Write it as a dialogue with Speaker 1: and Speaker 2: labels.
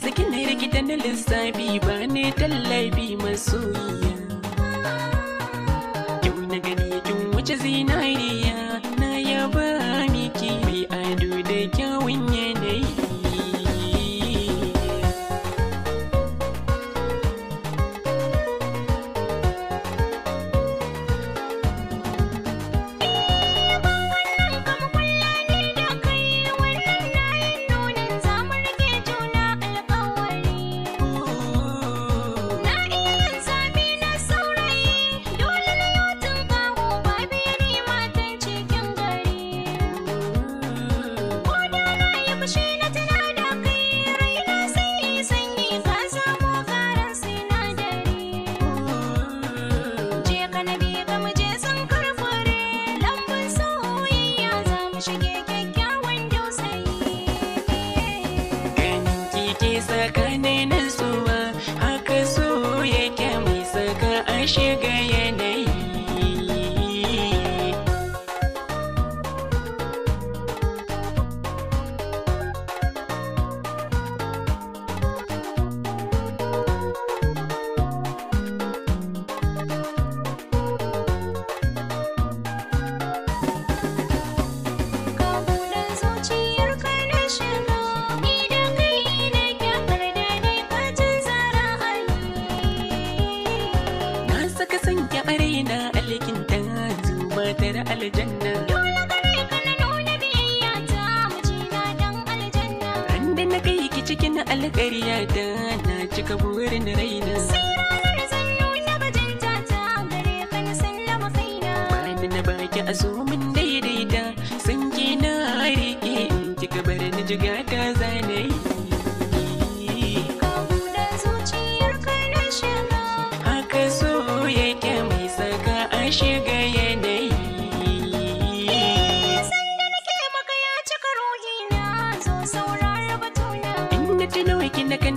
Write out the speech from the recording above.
Speaker 1: Sakin da na lissafi ba ne tallafi masoyiya. Yau na gani kin wuce zinariya. ke tsakanin na alƙarya da na cika burin raina na baki a zo min daidaita sun ke na rike in kika bari ni jigata